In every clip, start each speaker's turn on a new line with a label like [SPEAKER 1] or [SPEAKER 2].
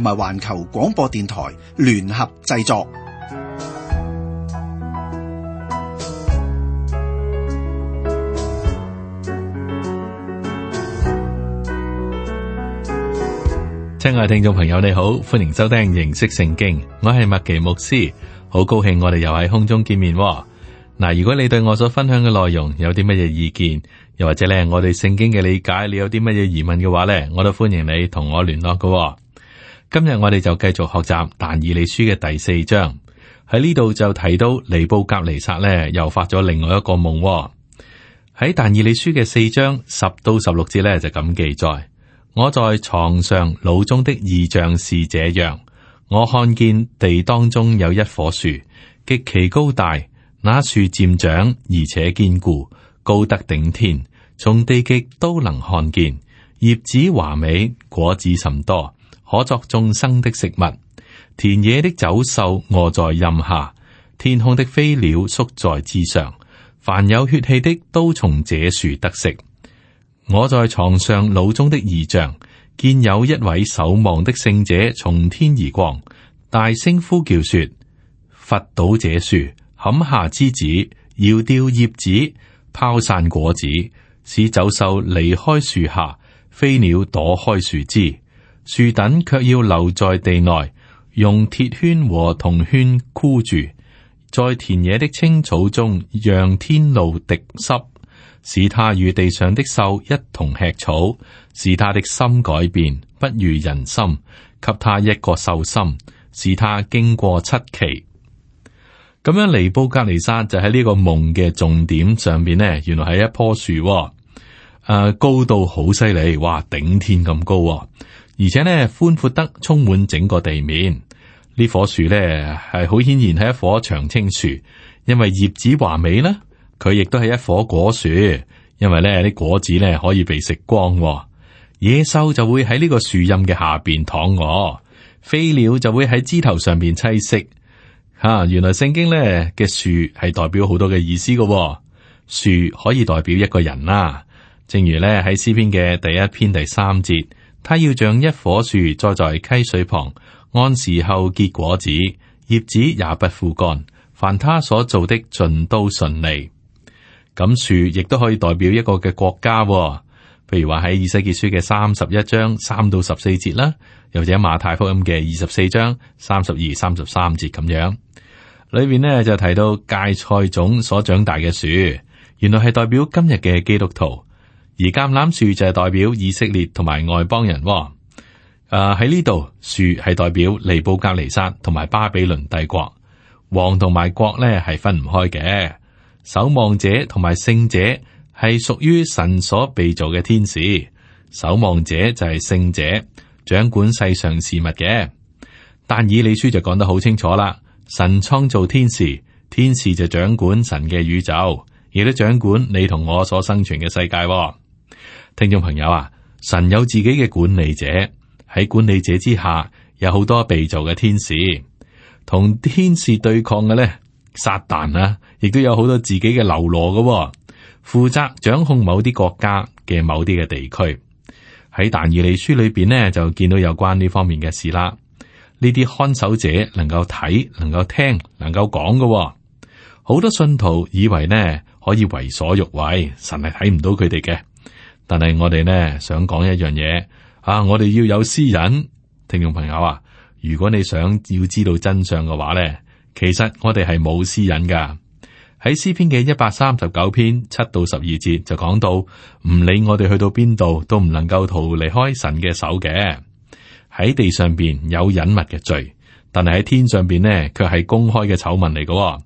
[SPEAKER 1] 同埋環球廣播電台聯合製作。親愛嘅聽眾朋友，你好，歡迎收聽認識聖經。我係麥奇牧師，好高興我哋又喺空中見面嗱。如果你對我所分享嘅內容有啲乜嘢意見，又或者咧我哋聖經嘅理解，你有啲乜嘢疑問嘅話咧，我都歡迎你同我聯絡㗎。今日我哋就繼續學習但以理書嘅第四章，喺呢度就提到尼布甲尼撒咧，又發咗另外一個夢哦。喺但以理書嘅四章十到十六節咧，就咁記載：我在床上腦中的異象是這樣，我看見地當中有一棵樹，極其高大，那樹漸長而且堅固，高得頂天，從地極都能看見。葉子華美，果子甚多。可作眾生的食物，田野的走獸臥在蔭下，天空的飛鳥縮在枝上。凡有血氣的，都從這樹得食。我在床上，腦中的異象見有一位守望的聖者從天而降，大聲呼叫說：伐倒這樹，砍下枝子，搖掉葉子，拋散果子，使走獸離開樹下，飛鳥躲開樹枝。樹墩卻要留在地內，用鐵圈和銅圈箍住，在田野的青草中，讓天露滴濕，使他與地上的獸一同吃草，使他的心改變，不如人心，給他一個獸心，使他經過七期。咁樣尼布甲尼撒就喺呢個夢嘅重點上邊呢，原來係一棵樹，誒、啊，高度好犀利，哇，頂天咁高啊。而且呢，寬闊得充滿整個地面。呢棵樹呢，係好顯然係一棵長青樹，因為葉子華美啦。佢亦都係一棵果樹，因為呢啲果子呢可以被食光、哦。野獸就會喺呢個樹蔭嘅下邊躺臥，飛鳥就會喺枝頭上面棲息。吓、啊，原來聖經呢嘅樹係代表好多嘅意思噶、哦。樹可以代表一個人啦、啊，正如呢喺詩篇嘅第一篇第三節。他要像一棵樹栽在溪水旁，按時候結果子，葉子也不枯乾。凡他所做的，盡都順利。咁樹亦都可以代表一個嘅國家啊，譬如話喺《以西結書》嘅三十一章三到十四節啦，又或者《馬太福音》嘅二十四章三十二、三十三節咁樣，裏邊呢就提到芥菜種所長大嘅樹，原來係代表今日嘅基督徒。而橄欖樹就係代表以色列同埋外邦人，哦。誒喺呢度樹，係代表尼布甲尼撒同埋巴比倫帝國，王同埋國呢係分唔開嘅。守望者同埋聖者係屬於神所被造嘅天使。守望者就係聖者，掌管世上事物嘅。但以理書就講得好清楚啦，神創造天使，天使就掌管神嘅宇宙，亦都掌管你同我所生存嘅世界，哦。聽眾朋友啊，神有自己嘅管理者，喺管理者之下有好多被造嘅天使，同天使對抗嘅咧，撒旦啊，亦都有好多自己嘅流羅嘅，哦，負責掌控某啲國家嘅某啲嘅地區。喺但以理書裏邊咧，就見到有關呢方面嘅事啦。呢啲看守者能夠睇，能夠聽，能夠講嘅。好多信徒以為咧可以為所欲為，神係睇唔到佢哋嘅。但係我哋呢，想講一樣嘢啊。我哋要有私隱，聽眾朋友啊，如果你想要知道真相嘅話呢，其實我哋係冇私隱噶。喺詩篇嘅一百三十九篇七到十二節就講到，唔理我哋去到邊度都唔能夠逃離開神嘅手嘅。喺地上邊有隱密嘅罪，但係喺天上邊呢，卻係公開嘅醜聞嚟嘅。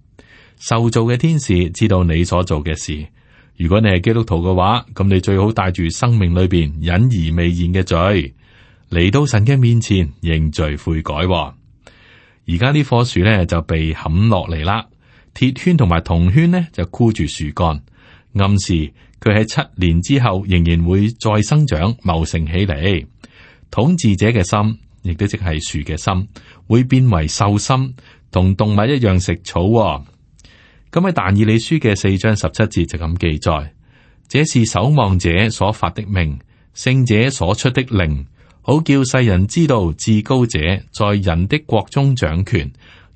[SPEAKER 1] 受造嘅天使知道你所做嘅事。如果你係基督徒嘅話，咁你最好帶住生命裏邊隱而未現嘅罪嚟到神嘅面前認罪悔改哦。而家呢棵樹咧就被砍落嚟啦，鐵圈同埋銅圈呢就箍住樹幹，暗示佢喺七年之後仍然會再生長茂盛起嚟。統治者嘅心，亦都即係樹嘅心，會變為獸心，同動物一樣食草哦。咁喺但以理書嘅四章十七節就咁記載，這是守望者所發的命，聖者所出的令，好叫世人知道至高者在人的國中掌權，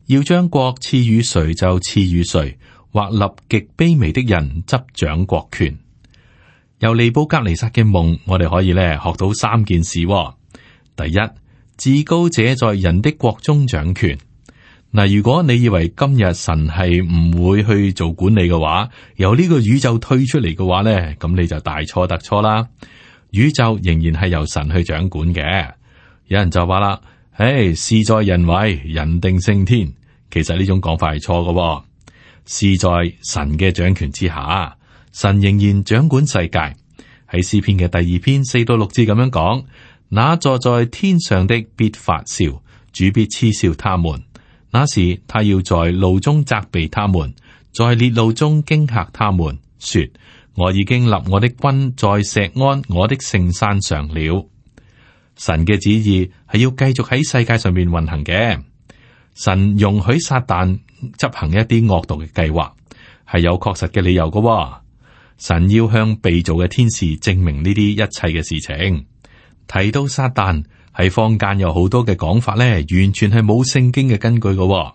[SPEAKER 1] 要將國賜與誰就賜與誰，或立極卑微的人執掌國權。由尼布甲尼撒嘅夢，我哋可以咧學到三件事哦，第一，至高者在人的國中掌權。嗱，如果你以為今日神係唔會去做管理嘅話，由呢個宇宙退出嚟嘅話咧，咁你就大錯特錯啦。宇宙仍然係由神去掌管嘅。有人就話啦：誒，事在人為，人定勝天。其實呢種講法係錯嘅。事在神嘅掌權之下，神仍然掌管世界。喺詩篇嘅第二篇四到六字咁樣講：那坐在天上的必發笑，主必嗤笑他們。那時，他要在怒中責備他們，在烈怒中驚嚇他們，說：我已經立我的君在錫安我的聖山上了。神嘅旨意係要繼續喺世界上面運行嘅。神容許撒旦執行一啲惡毒嘅計劃，係有確實嘅理由嘅。神要向被造嘅天使證明呢啲一切嘅事情。提到撒旦。喺坊間有好多嘅講法咧，完全係冇聖經嘅根據嘅，哦。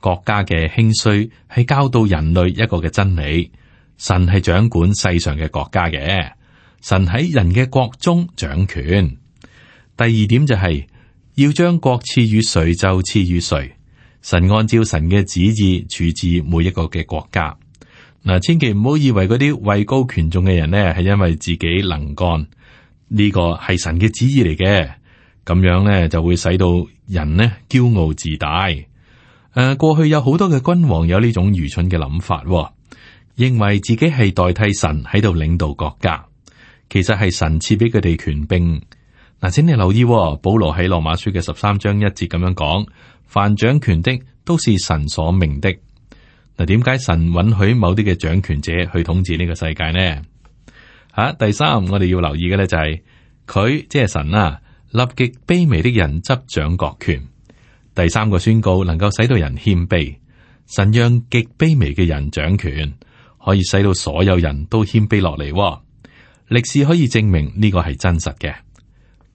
[SPEAKER 1] 國家嘅興衰係教到人類一個嘅真理，神係掌管世上嘅國家嘅，神喺人嘅國中掌權。第二點就係、是，要將國賜與誰就賜與誰，神按照神嘅旨意處置每一個嘅國家。嗱，千祈唔好以為嗰啲位高權重嘅人呢，係因為自己能幹呢個係神嘅旨意嚟嘅。咁樣咧就會使到人呢驕傲自大。誒、呃，過去有好多嘅君王有呢種愚蠢嘅諗法、哦，認為自己係代替神喺度領導國家。其實係神賜俾佢哋權柄。嗱，請你留意保羅喺羅馬書嘅十三章一節咁樣講：凡掌權的都是神所命的。嗱，點解神允許某啲嘅掌權者去統治呢個世界呢？吓、啊，第三我哋要留意嘅咧就係佢即係神啊。立極卑微的人執掌國權，第三個宣告能夠使到人謙卑。神讓極卑微嘅人掌權，可以使到所有人都謙卑落嚟。歷史可以證明呢個係真實嘅。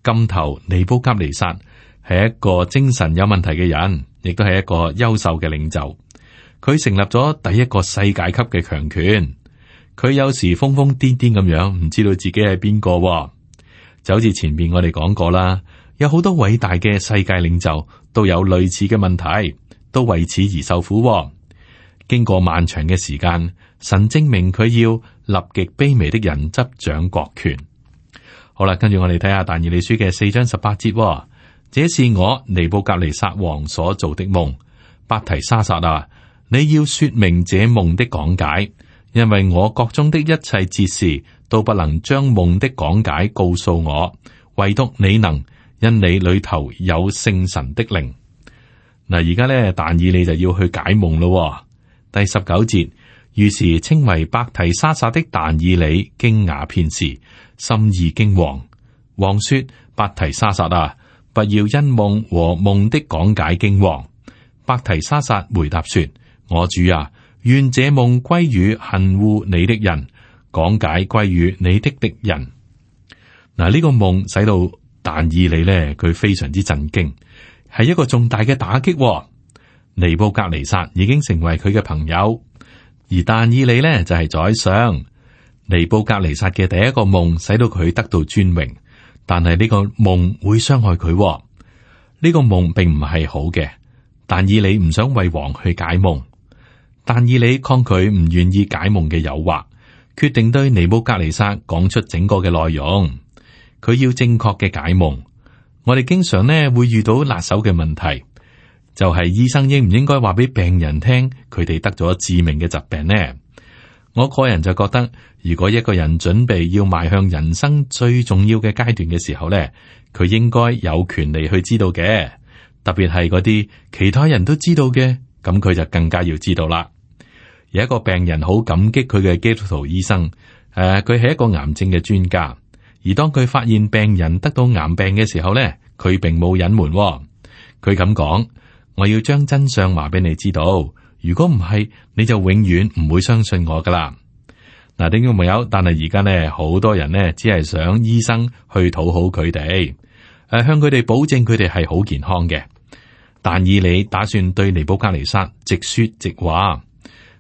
[SPEAKER 1] 金頭尼布甲尼撒係一個精神有問題嘅人，亦都係一個優秀嘅領袖。佢成立咗第一個世界級嘅強權。佢有時瘋瘋癲癲咁樣，唔知道自己係邊個。就好似前面我哋講過啦，有好多偉大嘅世界領袖都有類似嘅問題，都為此而受苦、哦。經過漫長嘅時間，神證明佢要立極卑微的人執掌國權。好啦，跟住我哋睇下但以理書嘅四章十八節，這是我尼布甲尼撒王所做的夢，伯提沙撒啊，你要說明這夢的講解，因為我國中的一切哲士。都不能將夢的講解告訴我，唯獨你能，因你裏頭有聖神的靈。嗱，而家咧，但以理就要去解夢咯、哦。第十九節，於是稱為伯提沙撒的但以理驚訝片時，心意驚惶。王說：伯提沙撒啊，不要因夢和夢的講解驚惶。伯提沙撒回答說：我主啊，願這夢歸於恨惡你的人。講解歸於你的敵人。嗱，呢、這個夢使到但以理呢，佢非常之震驚，係一個重大嘅打擊、哦。尼布格尼撒已經成為佢嘅朋友，而但以理呢，就係、是、宰相。尼布格尼撒嘅第一個夢使到佢得到尊榮，但係呢個夢會傷害佢呢、哦，這個夢，並唔係好嘅。但以理唔想為王去解夢，但以理抗拒唔願意解夢嘅誘惑。決定對尼布甲尼撒講出整個嘅內容，佢要正確嘅解夢。我哋經常咧會遇到辣手嘅問題，就係、是、醫生應唔應該話俾病人聽佢哋得咗致命嘅疾病呢？我個人就覺得，如果一個人準備要邁向人生最重要嘅階段嘅時候呢，佢應該有權利去知道嘅，特別係嗰啲其他人都知道嘅，咁佢就更加要知道啦。有一個病人好感激佢嘅基督徒醫生，誒、啊，佢係一個癌症嘅專家。而當佢發現病人得到癌病嘅時候咧，佢並冇隱瞞，佢咁講：我要將真相話俾你知道。如果唔係，你就永遠唔會相信我噶啦嗱。啲朋友，但係而家咧，好多人咧只係想醫生去討好佢哋，誒、啊，向佢哋保證佢哋係好健康嘅。但以理打算對尼布甲尼撒直說直話。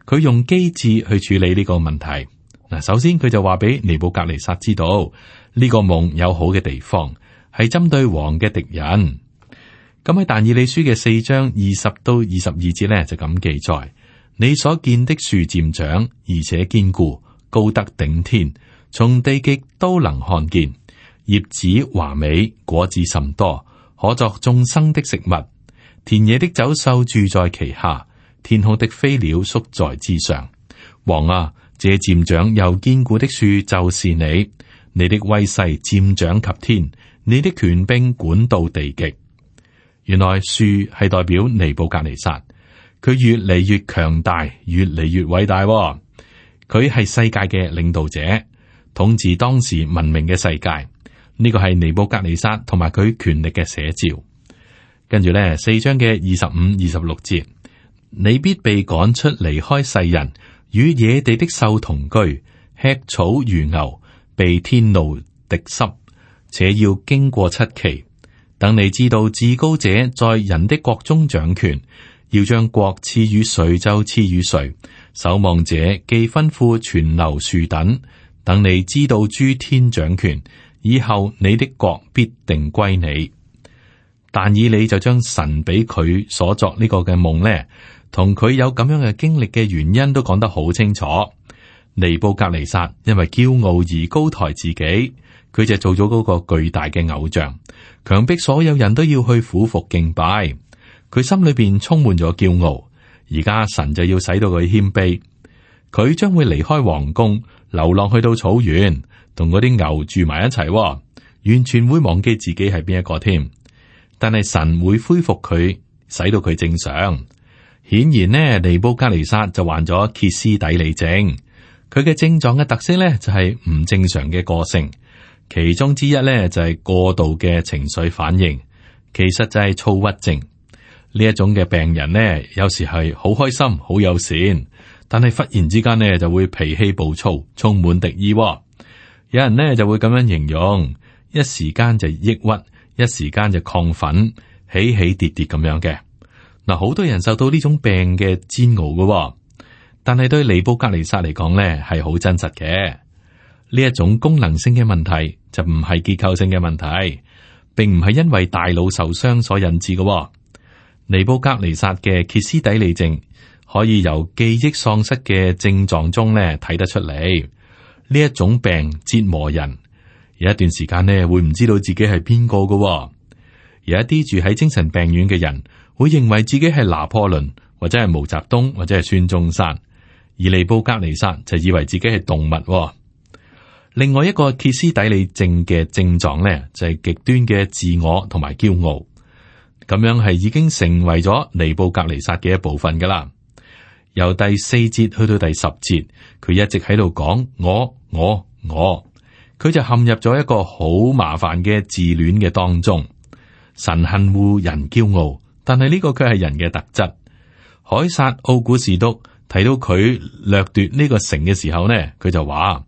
[SPEAKER 1] 佢用機智去處理呢個問題。嗱，首先佢就話俾尼布格尼撒知道呢個夢有好嘅地方，係針對王嘅敵人。咁喺但以理書嘅四章二十到二十二節呢，就咁記載：你所見的樹漸長，而且堅固，高得頂天，從地極都能看見。葉子華美，果子甚多，可作眾生的食物。田野的走獸住在其下。天空的飛鳥宿在之上，王啊！這漸長又堅固的樹就是你，你的威勢漸長及天，你的權兵管到地極。原來樹係代表尼布格尼撒，佢越嚟越強大，越嚟越偉大，哦。佢係世界嘅領導者，統治當時文明嘅世界。呢、這個係尼布格尼撒同埋佢權力嘅寫照。跟住呢，四章嘅二十五、二十六節。你必被趕出離開世人，與野地的獸同居，吃草如牛，被天露滴濕，且要經過七期。等你知道至高者在人的國中掌權，要將國賜予誰就賜予誰。守望者既吩咐全流樹等，等你知道諸天掌權以後，你的國必定歸你。但以理就將神俾佢所作呢個嘅夢呢。同佢有咁樣嘅經歷嘅原因都講得好清楚。尼布甲尼撒因為驕傲而高抬自己，佢就做咗嗰個巨大嘅偶像，強迫所有人都要去俯伏敬拜。佢心裏邊充滿咗驕傲，而家神就要使到佢謙卑。佢將會離開皇宮，流浪去到草原，同嗰啲牛住埋一齊、哦，完全會忘記自己係邊一個添。但係神會恢復佢，使到佢正常。顯然呢，尼布甲尼撒就患咗歇斯底里症。佢嘅症狀嘅特色呢，就係、是、唔正常嘅個性。其中之一呢，就係、是、過度嘅情緒反應。其實就係躁鬱症。呢一種嘅病人呢，有時係好開心、好友善，但係忽然之間呢，就會脾氣暴躁，充滿敵意、哦。有人呢，就會咁樣形容：一時間就抑鬱，一時間就亢奮，起起跌跌咁樣嘅。嗱，好多人受到呢種病嘅煎熬㗎喎，但係對尼布甲尼撒嚟講咧，係好真實嘅。呢一種功能性嘅問題，就唔係結構性嘅問題，並唔係因為大腦受傷所引致㗎喎。尼布甲尼撒嘅歇斯底里症可以由記憶喪失嘅症狀中咧睇得出嚟。呢一種病折磨人，有一段時間呢會唔知道自己係邊個嘅。有一啲住喺精神病院嘅人。會認為自己係拿破崙或者係毛澤東或者係孫中山，而尼布格尼薩就以為自己係動物。另外一個歇斯底里症嘅症狀呢，就係極端嘅自我同埋驕傲，咁樣係已經成為咗尼布格尼薩嘅一部分噶啦。由第四節去到第十節，佢一直喺度講我我我，佢就陷入咗一個好麻煩嘅自戀嘅當中。神恨惡人驕傲。但係呢個卻係人嘅特質。凱撒奧古斯都睇到佢掠奪呢個城嘅時候呢，佢就，就，就話：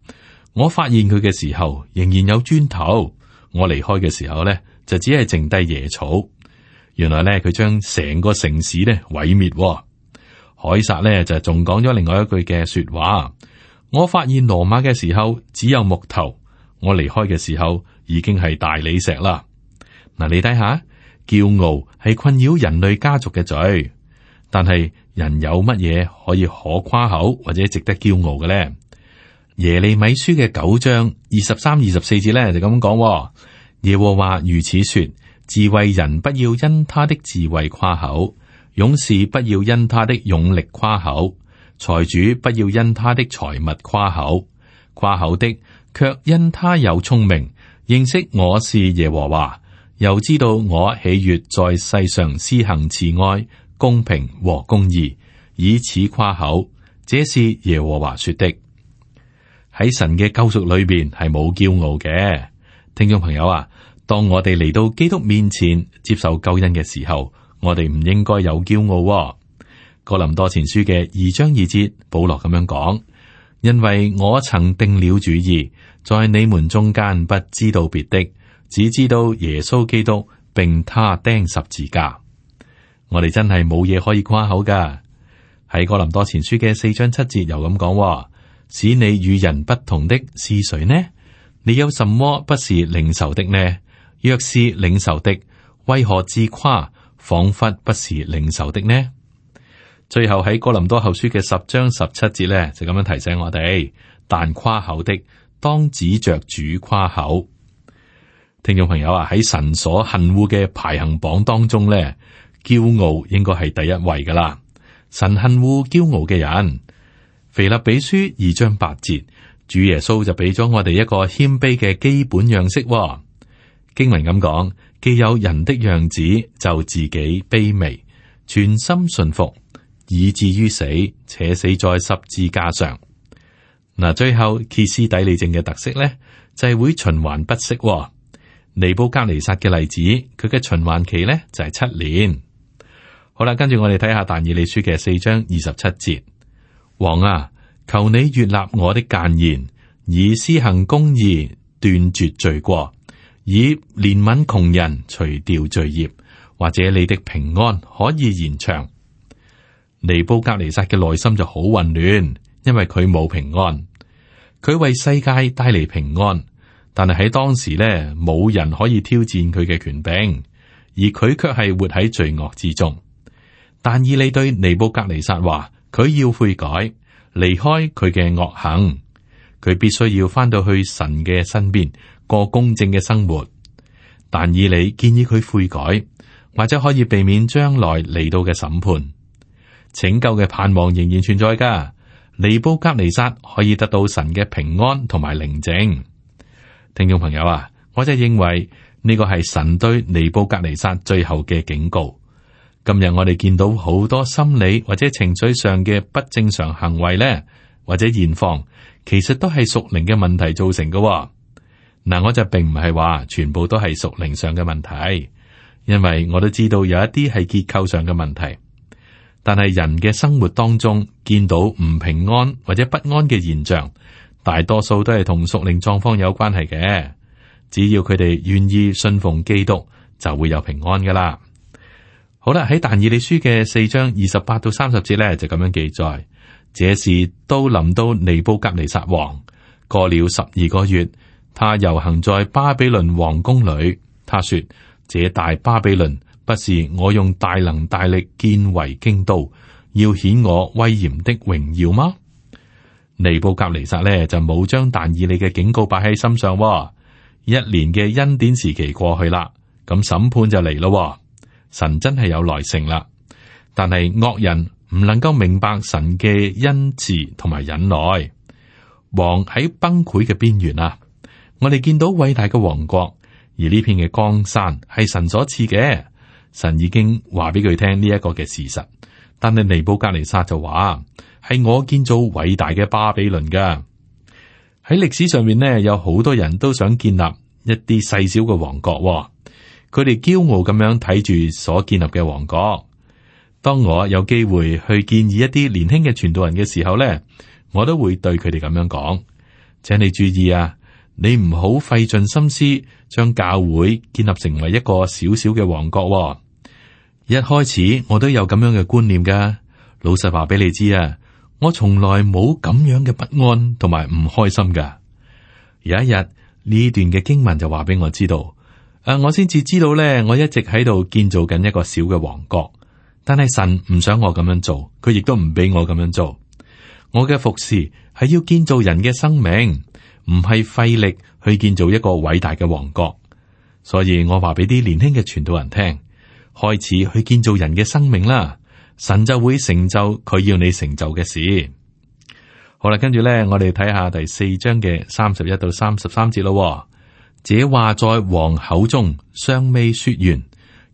[SPEAKER 1] 我發現佢嘅時候仍然有磚頭，我離開嘅時候呢就只係剩低野草。原來呢佢將成個城市呢毀滅。凱撒呢就仲講咗另外一句嘅說話：我發現羅馬嘅時候只有木頭，我離開嘅時候已經係大理石啦。嗱，你睇下。驕傲係困擾人類家族嘅罪，但係人有乜嘢可以可誇口或者值得驕傲嘅呢？耶利米書嘅九章二十三、二十四節呢，就咁講哦：耶和華如此說，智慧人不要因他的智慧誇口，勇士不要因他的勇力誇口，財主不要因他的財物誇口。誇口的卻因他有聰明，認識我是耶和華。又知道我喜悅在世上施行慈愛、公平和公義，以此誇口。這是耶和華說的。喺神嘅救贖裏邊係冇驕傲嘅。聽眾朋友啊，當我哋嚟到基督面前接受救恩嘅時候，我哋唔應該有驕傲。哥林多前書嘅二章二節，保羅咁樣講，因為我曾定了主意，在你們中間不知道別的。只知道耶穌基督並他釘十字架，我哋真係冇嘢可以誇口㗎。喺哥林多前書嘅四章七節又咁講話：使你與人不同的是誰呢？你有什麼不是領受的呢？若是領受的，為何自誇，仿佛不是領受的呢？最後喺哥林多後書嘅十章十七節呢，就咁樣提醒我哋：但誇口的，當指着主誇口。聽眾朋友啊，喺神所恨惡嘅排行榜當中呢，驕傲應該係第一位噶啦。神恨惡驕傲嘅人。腓立比書二章八節，主耶穌就俾咗我哋一個謙卑嘅基本樣式，哦。經文咁講，既有人的樣子，就自己卑微，全心順服，以至於死，且死在十字架上。嗱，最後歇斯底里症嘅特色呢，就係、是、會循環不息、哦。尼布加尼撒嘅例子，佢嘅循環期呢，就係、是、七年。好啦，跟住我哋睇下但以理書嘅四章二十七節。王啊，求你悅納我的諫言，以施行公義，斷絕罪過，以憐憫窮人，除掉罪孽，或者你的平安可以延長。尼布加尼撒嘅內心就好混亂，因為佢冇平安，佢為世界帶嚟平安。但係喺當時咧，冇人可以挑戰佢嘅權柄，而佢却係活喺罪惡之中。但以理對尼布格尼撒話，佢要悔改，離開佢嘅惡行，佢必須要翻到去神嘅身邊過公正嘅生活。但以理建議佢悔改，或者可以避免將來嚟到嘅審判。拯救嘅盼望仍然存在㗎。尼布格尼撒可以得到神嘅平安同埋寧靜。聽眾朋友啊，我就認為呢個係神對尼布甲尼撒最後嘅警告。今日我哋見到好多心理或者情緒上嘅不正常行為咧，或者現況，其實都係屬靈嘅問題造成嘅。嗱，我就並唔係話全部都係屬靈上嘅問題，因為我都知道有一啲係結構上嘅問題。但係人嘅生活當中見到唔平安或者不安嘅現象。大多數都係同屬靈狀況有關係嘅，只要佢哋願意信奉基督，就會有平安噶啦。好啦，喺但以理書嘅四章二十八到三十節呢，就咁樣記載：，這事都臨到尼布甲尼撒王，過了十二個月，他遊行在巴比倫王宮裏。他說：，這大巴比倫不是我用大能大力建為京都，要顯我威嚴的榮耀嗎？尼布甲尼撒咧，就冇將但以理嘅警告擺喺心上，哦，一年嘅恩典時期過去啦，咁審判就嚟咯，哦。神真係有耐性啦，但係惡人唔能夠明白神嘅恩慈同埋忍耐。王喺崩潰嘅邊緣啊，我哋見到偉大嘅王國，而呢片嘅江山係神所賜嘅，神已經話俾佢聽呢一個嘅事實，但係尼布甲尼撒就話。係我建造偉大嘅巴比倫噶。喺歷史上面呢，有好多人都想建立一啲細小嘅王國。佢哋驕傲咁樣睇住所建立嘅王國。當我有機會去建議一啲年輕嘅傳道人嘅時候呢，我都會對佢哋咁樣講：請你注意啊，你唔好費盡心思將教會建立成為一個小小嘅王國。一開始我都有咁樣嘅觀念噶。老實話俾你知啊。我從來冇咁樣嘅不安同埋唔開心㗎。有一日呢段嘅經文就話俾我知道，誒，我先至知道咧，我一直喺度建造緊一個小嘅王國，但係神唔想我咁樣做，佢亦都唔俾我咁樣做。我嘅服侍係要建造人嘅生命，唔係費力去建造一個偉大嘅王國。所以我話俾啲年輕嘅傳道人聽，開始去建造人嘅生命啦。神就會成就佢要你成就嘅事。好啦，跟住咧，我哋睇下第四章嘅三十一到三十三節咯。這話在王口中尚未說完，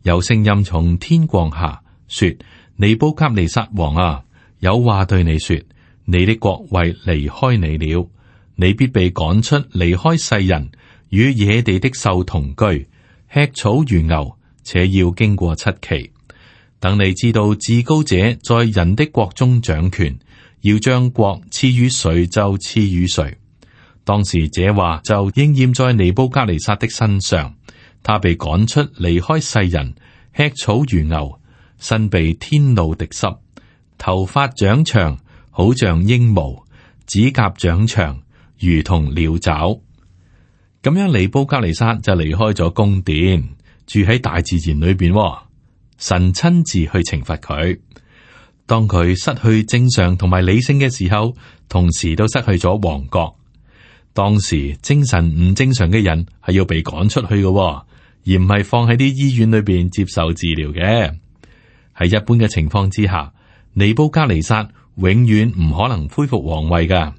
[SPEAKER 1] 有聲音從天降下，說：你尼布甲尼撒王啊，有話對你說：你的國位離開你了，你必被趕出，離開世人，與野地的獸同居，吃草如牛，且要經過七期。等你知道至高者在人的國中掌權，要將國賜予誰就賜予誰。當時這話就應驗在尼布甲尼撒的身上，他被趕出離開世人，吃草如牛，身被天露滴濕，頭髮長長，好像鷹毛，指甲長長，如同鳥爪。咁樣尼布甲尼撒就離開咗宮殿，住喺大自然裏邊。.神親自去懲罰佢，當佢失去正常同埋理性嘅時候，同時都失去咗王國。當時精神唔正常嘅人係要被趕出去嘅、哦，而唔係放喺啲醫院裏邊接受治療嘅。喺一般嘅情況之下，尼布加尼撒永遠唔可能恢復皇位噶。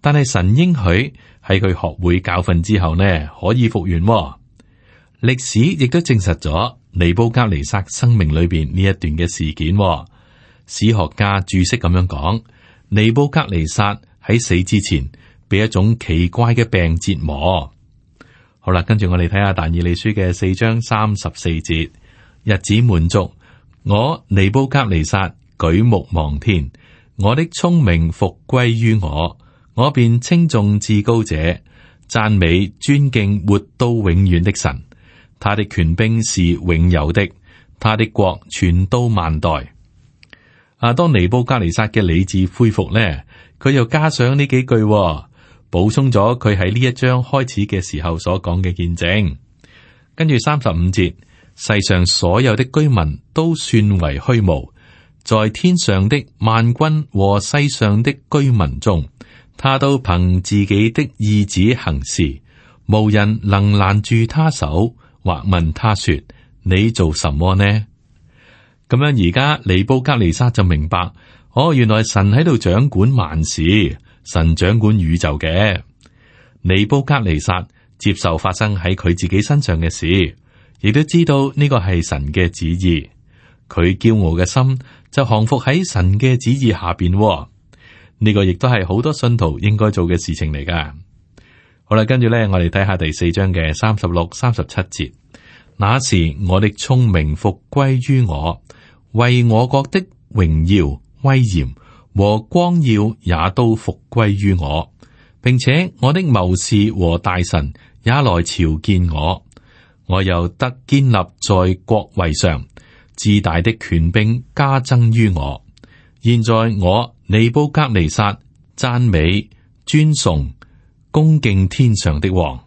[SPEAKER 1] 但係神應許喺佢學會教訓之後呢，可以復原、哦。歷史亦都證實咗。尼布格尼撒生命裏邊呢一段嘅事件、哦，史學家註釋咁樣講：尼布格尼撒喺死之前，俾一種奇怪嘅病折磨。好啦，跟住我哋睇下但以理書嘅四章三十四節，日子滿足，我尼布格尼撒舉目望天，我的聰明復歸於我，我便稱頌至高者，讚美尊敬活到永遠的神。他的權柄是永有的，他的國存到萬代。啊，當尼布甲尼撒嘅理智恢復呢，佢又加上呢幾句，哦，補充咗佢喺呢一章開始嘅時候所講嘅見證。跟住三十五節，世上所有的居民都算為虛無，在天上的萬軍和世上的居民中，他都憑自己的意旨行事，無人能攔住他手。或問他說：你做什麼呢？咁樣而家，尼布格尼撒就明白，哦，原來神喺度掌管萬事，神掌管宇宙嘅。尼布格尼撒接受發生喺佢自己身上嘅事，亦都知道呢個係神嘅旨意。佢驕傲嘅心就降服喺神嘅旨意下邊，哦。呢、這個亦都係好多信徒應該做嘅事情嚟噶。好啦，跟住咧，我哋睇下第四章嘅三十六、三十七節。那時我的聰明復歸於我，為我國的榮耀，威嚴和光耀也都復歸於我，並且我的謀士和大臣也來朝見我，我又得堅立在國位上，至大的權柄加增於我。現在我尼布格尼撒贊美尊崇，恭敬天上的王，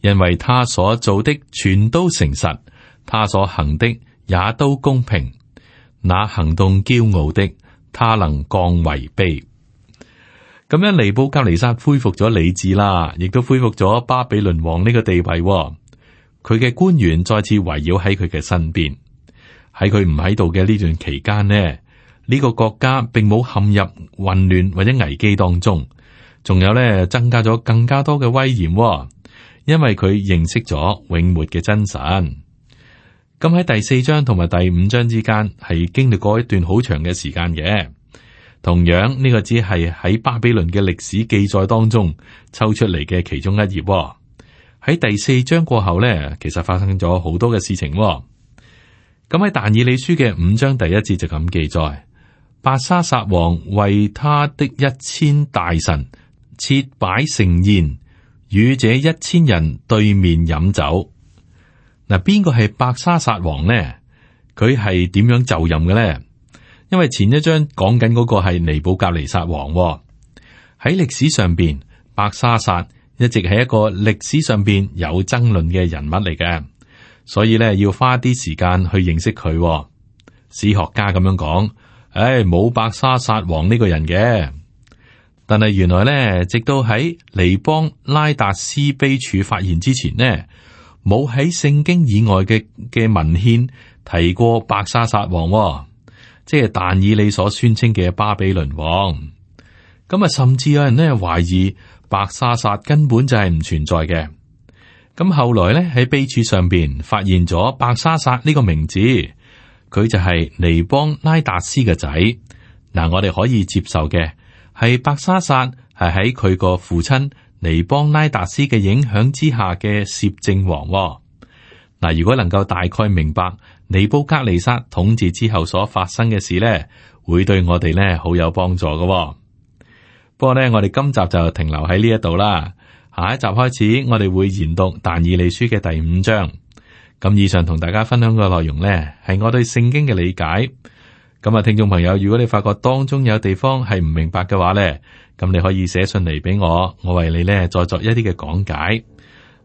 [SPEAKER 1] 因為他所做的全都誠實，他所行的也都公平。那行動驕傲的，他能降為卑。咁樣，尼布甲尼撒恢復咗理智啦，亦都恢復咗巴比倫王呢個地位。佢嘅官員再次圍繞喺佢嘅身邊。喺佢唔喺度嘅呢段期間呢，呢個國家並冇陷入混亂或者危機當中。仲有咧，增加咗更加多嘅威嚴，哦，因為佢認識咗永活嘅真神。咁喺第四章同埋第五章之間係經歷過一段好長嘅時間嘅。同樣呢，這個只係喺巴比倫嘅歷史記載當中抽出嚟嘅其中一頁，哦。喺第四章過後呢，其實發生咗好多嘅事情，哦。咁喺但以理書嘅五章第一節就咁記載：「伯沙撒王為他的一千大臣。設擺盛宴，與這一千人對面飲酒。嗱，邊個係伯沙撒王呢？佢係點樣就任嘅呢？因為前一章講緊嗰個係尼布甲尼撒王喎。喺歷史上邊，伯沙撒一直係一個歷史上邊有爭論嘅人物嚟嘅，所以咧要花啲時間去認識佢。史學家咁樣講：唉、哎，冇伯沙撒王呢個人嘅。但係原來咧，直到喺尼邦拉達斯碑柱發現之前呢，冇喺聖經以外嘅嘅文獻提過伯沙撒王，即係但以理所宣稱嘅巴比倫王。咁啊，甚至有人咧懷疑伯沙撒根本就係唔存在嘅。咁後來咧喺碑柱上邊發現咗伯沙撒呢個名字，佢就係尼邦拉達斯嘅仔。嗱，我哋可以接受嘅。係白沙撒係喺佢個父親尼邦拉達斯嘅影響之下嘅攝政王喎。嗱，如果能夠大概明白尼布格尼撒統治之後所發生嘅事呢，會對我哋呢好有幫助㗎喎。不過呢，我哋今集就停留喺呢一度啦。下一集開始，我哋會研讀但以理書嘅第五章。咁以上同大家分享嘅內容呢，係我對聖經嘅理解。咁啊，聽眾朋友，如果你發覺當中有地方係唔明白嘅話咧，咁你可以寫信嚟俾我，我為你咧再作一啲嘅講解。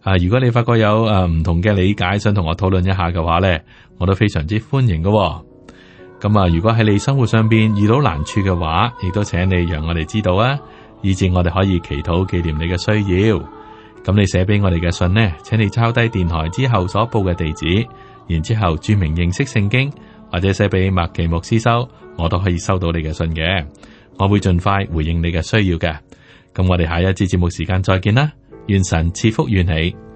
[SPEAKER 1] 啊，如果你發覺有誒唔同嘅理解，想同我討論一下嘅話咧，我都非常之歡迎嘅喎。咁啊，如果喺你生活上邊遇到難處嘅話，亦都請你讓我哋知道啊，以至我哋可以祈禱紀念你嘅需要。咁你寫俾我哋嘅信咧，請你抄低電台之後所報嘅地址，然之後注明認識聖經。或者寫俾麥其牧師收，我都可以收到你嘅信嘅，我會盡快回應你嘅需要嘅。咁我哋下一節節目時間再見啦，願神賜福於你。